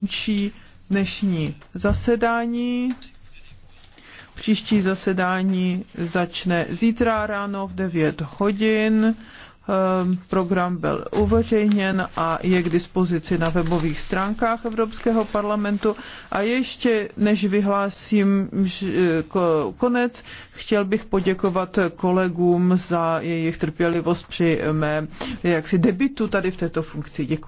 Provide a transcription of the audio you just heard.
končí dnešní zasedání. Příští zasedání začne zítra ráno v 9 hodin. Ehm, program byl uveřejněn a je k dispozici na webových stránkách Evropského parlamentu. A ještě než vyhlásím e, konec, chtěl bych poděkovat kolegům za jejich trpělivost při mé jaksi debitu tady v této funkci. Děkuji.